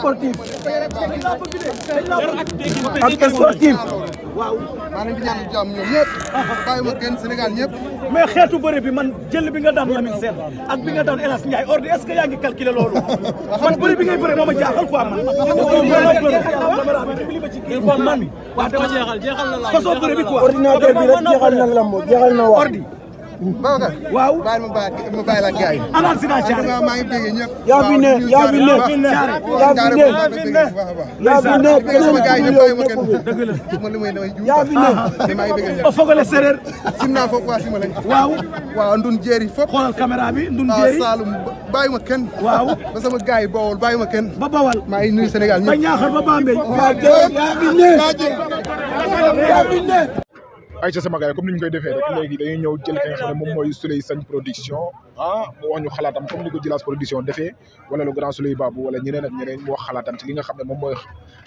sportif ak sportif. waaw maa ngi ñaan jàmm ñoom ñëpp bàyyi ma xeetu bëre bi man jël bi nga daan Lamine Sène ak bi nga daan El Hadj Ndiaye ordi est-ce que yaa ngi calculer loolu man bëre bi ngay bëre moo ma jaaxal quoi man man façon bëre bi quoi ordinateur bi rek jeexal na lamb jeexal na wax Babacar waaw bàyyi ma bàyyi ma bàyyi la ak gars yi. avance naa Thiaré maa ngi dégg ñëpp. yaa fi ne yaa fi ne Thiaré yaa fi ne. yaa fi ne keneen waaw waaw ndun jeeri fop xoolal caméra bi ndun jeeri Saalum bàyyi ma kenn. waaw ba sama gars yi Bawol bàyyi ma kenn. ba Bawol maa ngi nuyu Sénégal ñëpp. ba Niakhar ba Bambey. yaa fi ay ca sama gars comme ni koy defee rek léegi dañuy ñëw jël ki nga xam ne moom mooy Souley Sagne production ah mu wax xalaatam comme ni ko Djilass production defee wala le grand Souley Babou wala ñeneen ñeneen mu wax xalaatam ci li xam ne moom mooy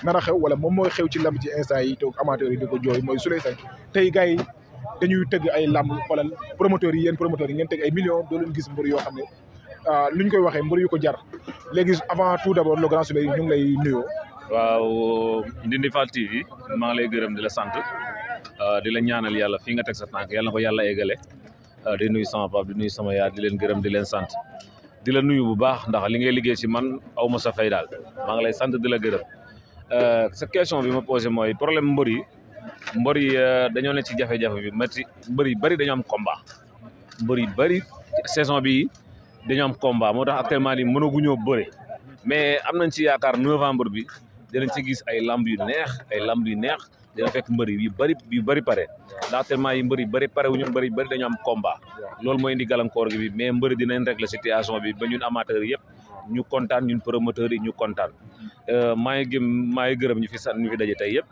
nar xew wala moom mooy xew ci lamb ci instant yi toog amateurs yi di ko jooy mooy Souley tey gars yi dañuy tëgg ay lamb xoolal promoteurs yi yéen promoteurs yi ngeen tëgg ay millions doo leen gis mbir yoo xam ne lu ah, ñu koy waxee mbir yu ko jar avant tout d' abord le grand Souley ñu ngi lay nuyoo waaw Ndindy Fall TV maa di la sant Euh, di la ñaanal yalla fi nga tek sa tank yalla nako yalla yàlla euh, di nuyu sama pap di nuyu sama yaa di leen gërëm di leen sant di la nuyu bu baax ndax li ngay liggéey ci man santu sa fay dal ma nga lay sante di la gërëm euh, sa question bi ma poser moy problème mbër yi mbër yi dañoo ne ci jafé jafé bi metti mbër yi bëri am combat yi saison bi dañu am combat motax actuellement ni guñu mais amnañ ci yaakar novembre bi dinañ ci gis ay lamb yu neex ay lamb yu neex dina fekk mbeur yi bari yu bari pare da tellement yi mbeur yi bari pare wu ñu mbër yi bari dañu am combat lool moy indi galankor gi bi mais mbeur dinañ régler situation bi ba ñun amateur yépp ñu contane ñun promoteur yi ñu contane euh may gi may ngi ñu fi san ñu fi daje tey yëpp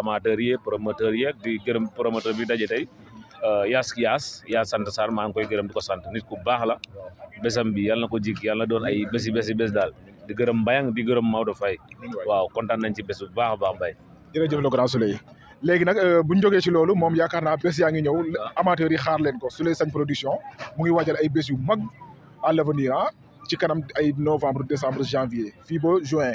amateur yi promoteur yeeg di gërëm promoteur bi tay euh yas yas ya sant sar ma ngi koy gërëm diko ko sant nit ku bax la besam bi yalla nako jik yalla doon ay bési bési bés dal di gërëm Mbayang di gërëm Maodo fay waaw contane nañ ci bés bu baax baax bay jërëjëf le grand soleil léegi nag euh, bu ñu jógee ci loolu moom yaakaar naa bés yaa ngi ñëw ah. amateurs yi xaar leen ko Souleye Sagne production mu ngi waajal ay bés yu mag à l'avenir ah ci kanam ay novembre décembre janvier fii ba juin